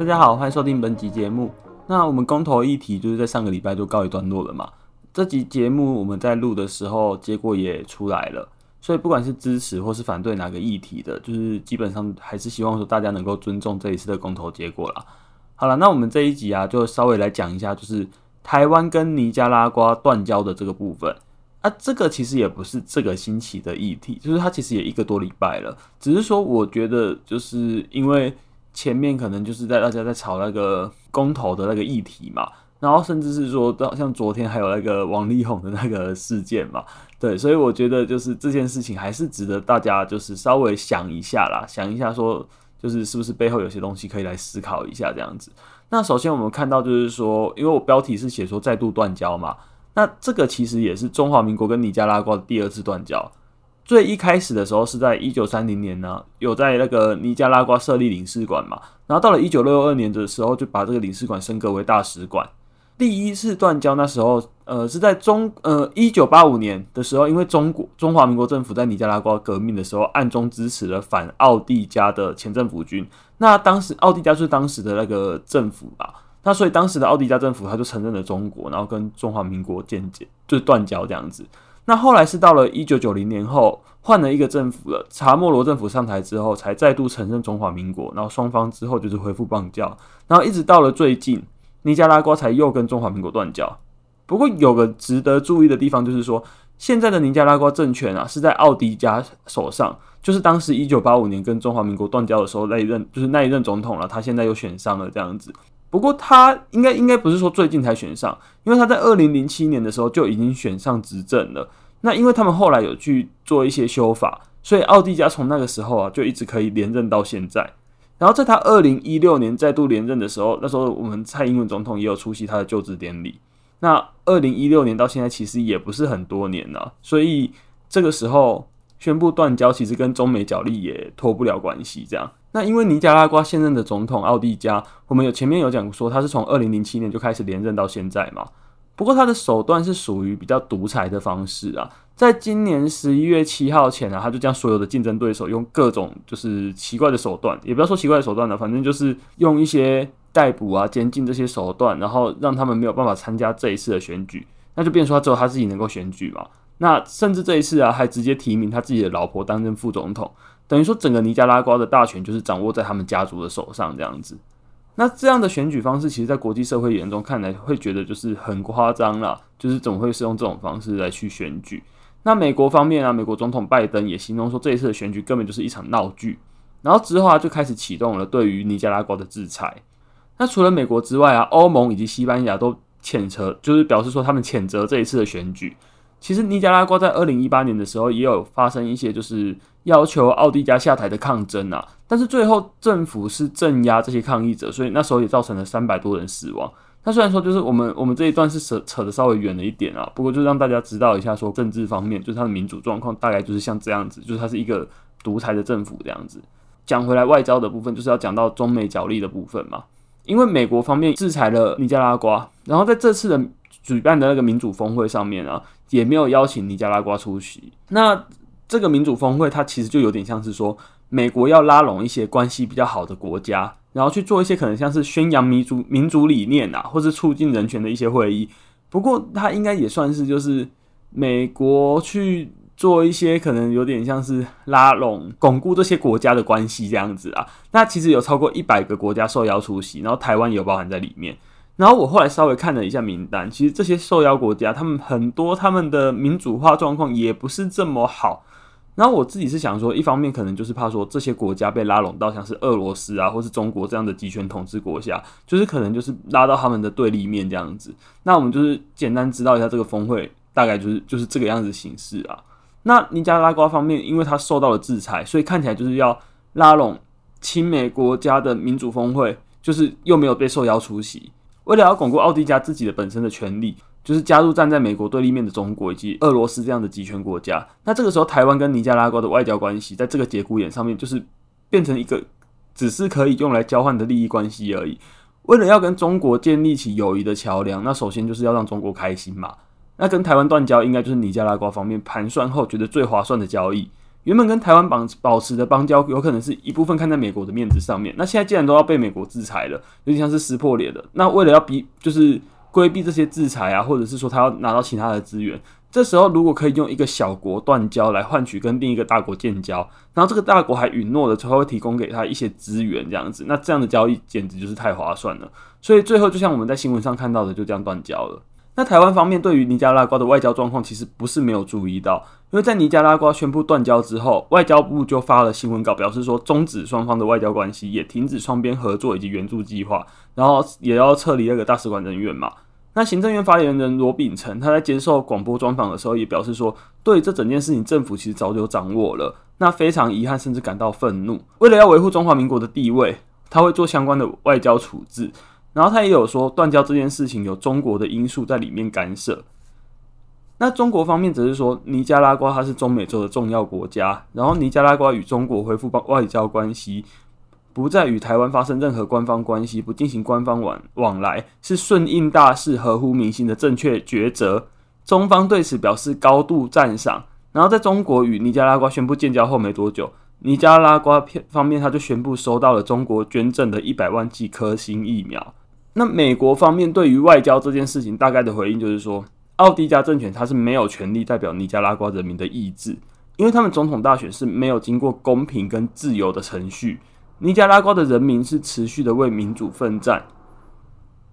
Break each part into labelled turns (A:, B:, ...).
A: 大家好，歡迎收聽本集節目。那我們公投議題就是在上個禮拜就告一段落了嘛。這集節目我們在錄的時候，結果也出來了，所以不管是支持或是反對哪個議題的，就是基本上還是希望說大家能夠尊重這一次的公投結果啦。好了，那我們這一集啊，就稍微來講一下，就是台灣跟尼加拉瓜斷交的這個部分啊，這個其實也不是這個星期的議題，就是它其實也一個多禮拜了，只是說我覺得就是因為。前面可能就是在大家在吵那個公投的那個議題嘛，然後甚至是說到像昨天還有那個王力宏的那個事件嘛，對，所以我覺得就是這件事情還是值得大家就是稍微想一下啦，想一下說就是是不是背後有些東西可以來思考一下這樣子。那首先我們看到就是說，因為我標題是寫說再度斷交嘛，那這個其實也是中華民國跟尼加拉瓜的第二次斷交。最一開始的時候是在一九三零年呢，有在那個尼加拉瓜設立領事館嘛，然後到了一九六二年的時候就把這個領事館升格為大使館。第一次斷交那時候，呃，是在中呃一九八五年的時候，因為中國中華民國政府在尼加拉瓜革命的時候暗中支持了反奧地加的前政府軍，那當時奧地加就是當時的那個政府吧，那所以當時的奧地加政府他就承認了中國，然後跟中華民國間接，就是斷交這樣子。那後來是到了一九九零年後，換了一個政府了，查莫羅政府上台之後，才再度承認中華民國，然後雙方之後就是恢復邦交，然後一直到了最近，尼加拉瓜才又跟中華民國斷交。不過有個值得注意的地方，就是說現在的尼加拉瓜政權啊，是在奧迪加手上，就是當時一九八五年跟中華民國斷交的時候那一任，就是那一任總統了、啊，他現在又選上了這樣子。不過他應該應該不是說最近才選上，因為他在二零零七年的時候就已經選上執政了。那因為他們後來有去做一些修法，所以奧蒂加從那個時候啊就一直可以連任到現在。然後在他二零一六年再度連任的時候，那時候我們蔡英文總統也有出席他的就職典禮。那二零一六年到現在其實也不是很多年了啊，所以這個時候宣布斷交，其實跟中美角力也脫不了關係，這樣。那因為尼加拉瓜現任的總統奧蒂加，我們有前面有講說他是從二零零七年就開始連任到現在嘛。不過他的手段是屬於比較獨裁的方式啊。在今年十一月七號前啊，他就將所有的競爭對手用各種就是奇怪的手段，也不要說奇怪的手段了、啊，反正就是用一些逮捕啊、監禁這些手段，然後讓他們沒有辦法參加這一次的選舉，那就變成說他只有他自己能夠選舉嘛。那甚至這一次啊，還直接提名他自己的老婆擔任副總統，等於說整個尼加拉瓜的大權就是掌握在他們家族的手上這樣子。那這樣的選舉方式，其實，在國際社會眼中看來，會覺得就是很誇張了，就是怎麼會是用這種方式來去選舉？那美國方面啊，美國總統拜登也形容說，這一次的選舉根本就是一場鬧劇。然後之後啊，就開始啟動了對於尼加拉瓜的制裁。那除了美國之外啊，歐盟以及西班牙都譴責，就是表示說他們譴責這一次的選舉。其實尼加拉瓜在二零一八年的時候也有發生一些就是要求奧迪加下台的抗爭啊，但是最後政府是鎮壓這些抗議者，所以那時候也造成了三百多人死亡。那雖然說就是我們我們這一段是扯扯得稍微遠了一點啊，不過就讓大家知道一下說政治方面就是它的民主狀況大概就是像這樣子，就是它是一個獨裁的政府這樣子。講回來外交的部分就是要講到中美角力的部分嘛，因為美國方面制裁了尼加拉瓜，然後在這次的。舉辦的那個民主峰會上面啊，也沒有邀請尼加拉瓜出席。那這個民主峰會，它其實就有點像是說，美國要拉攏一些關係比較好的國家，然後去做一些可能像是宣揚民主、民主理念啊，或是促進人權的一些會議。不過，它應該也算是就是美國去做一些可能有點像是拉攏、鞏固這些國家的關係這樣子啊。那其實有超過一百個國家受邀出席，然後台灣也有包含在裡面。然後我後來稍微看了一下名單，其實這些受邀國家，他們很多他們的民主化狀況也不是這麼好。然後我自己是想說，一方面可能就是怕說這些國家被拉攏到像是俄羅斯啊，或是中國這樣的極權統治國家，就是可能就是拉到他們的對立面這樣子。那我們就是簡單知道一下這個峰會大概就是就是這個樣子形式啊。那尼加拉瓜方面，因為它受到了制裁，所以看起來就是要拉攏親美國家的民主峰會，就是又沒有被受邀出席。為了要鞏固奧迪加自己的本身的權利，就是加入站在美國對立面的中國以及俄羅斯這樣的極權國家。那這個時候，台灣跟尼加拉瓜的外交關係，在這個節骨眼上面，就是變成一個只是可以用來交換的利益關係而已。為了要跟中國建立起友誼的橋梁，那首先就是要讓中國開心嘛。那跟台灣斷交，應該就是尼加拉瓜方面盤算後覺得最划算的交易。原本跟台灣保保持的邦交，有可能是一部分看在美國的面子上面。那現在既然都要被美國制裁了，有點像是撕破臉了。那為了要避，就是規避這些制裁啊，或者是說他要拿到其他的資源，這時候如果可以用一個小國斷交來換取跟另一個大國建交，然後這個大國還允諾的他會提供給他一些資源，這樣子，那這樣的交易簡直就是太划算了。所以最後就像我們在新聞上看到的，就這樣斷交了。那台灣方面對於尼加拉瓜的外交狀況，其實不是沒有注意到。因為在尼加拉瓜宣布斷交之後，外交部就發了新聞稿，表示說終止雙方的外交關係，也停止雙邊合作以及援助計劃，然後也要撤離那個大使館人員嘛。那行政院發言人羅秉成他在接受廣播專訪的時候也表示說，對這整件事情，政府其實早就掌握了。那非常遺憾，甚至感到憤怒。為了要維護中華民國的地位，他會做相關的外交處置。然後他也有說，斷交這件事情有中國的因素在裡面干涉。那中國方面只是說，尼加拉瓜它是中美洲的重要國家，然後尼加拉瓜與中國恢復外交關係，不再與台灣發生任何官方關係，不進行官方往往來，是順應大勢、合乎民心的正確抉擇。中方對此表示高度讚賞。然後，在中國與尼加拉瓜宣布建交後沒多久，尼加拉瓜方面他就宣布收到了中國捐贈的一百萬劑科興疫苗。那美國方面對於外交這件事情大概的回應就是說，奧迪加政權他是沒有權利代表尼加拉瓜人民的意志，因為他們總統大選是沒有經過公平跟自由的程序。尼加拉瓜的人民是持續的為民主奮戰，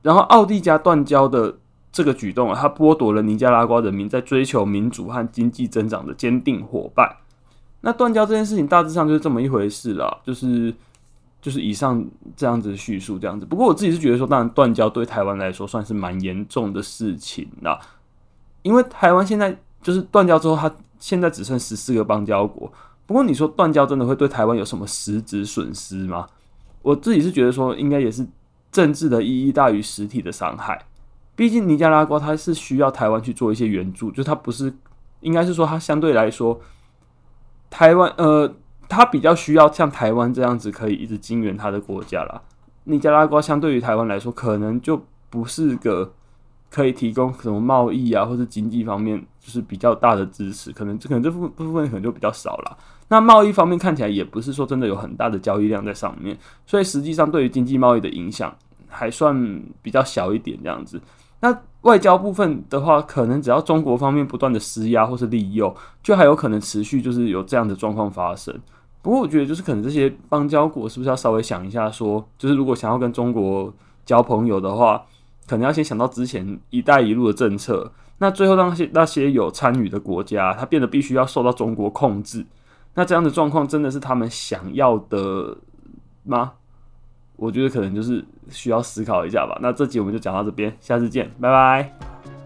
A: 然後奧迪加斷交的這個舉動它他剝奪了尼加拉瓜人民在追求民主和經濟增長的堅定夥伴。那斷交這件事情大致上就是這麼一回事啦，就是。就是以上這樣子的敘述，這樣子。不過我自己是覺得說，當然斷交對台灣來說算是蠻嚴重的事情了，因為台灣現在就是斷交之後，它現在只剩十四個邦交國。不過你說斷交真的會對台灣有什麼實質損失嗎？我自己是覺得說，應該也是政治的意義大於實體的傷害。畢竟尼加拉瓜它是需要台灣去做一些援助，就它不是，應該是說它相對來說，台灣呃。它比較需要像台灣這樣子可以一直經援它的國家啦。尼加拉瓜相對於台灣來說，可能就不是個可以提供什麼貿易啊，或是經濟方面就是比較大的支持，可能這可能這部分可能就比較少了。那貿易方面看起來也不是說真的有很大的交易量在上面，所以實際上對於經濟貿易的影響還算比較小一點這樣子。那外交部分的話，可能只要中國方面不斷的施壓或是利誘，就還有可能持續就是有這樣的狀況發生。不過我覺得，就是可能這些邦交國是不是要稍微想一下說，說就是如果想要跟中國交朋友的話，可能要先想到之前“一帶一路”的政策。那最後讓那，那些有參與的國家，它變得必須要受到中國控制，那這樣的狀況真的是他們想要的嗎？我覺得可能就是需要思考一下吧。那這集我們就講到這邊，下次見，拜拜。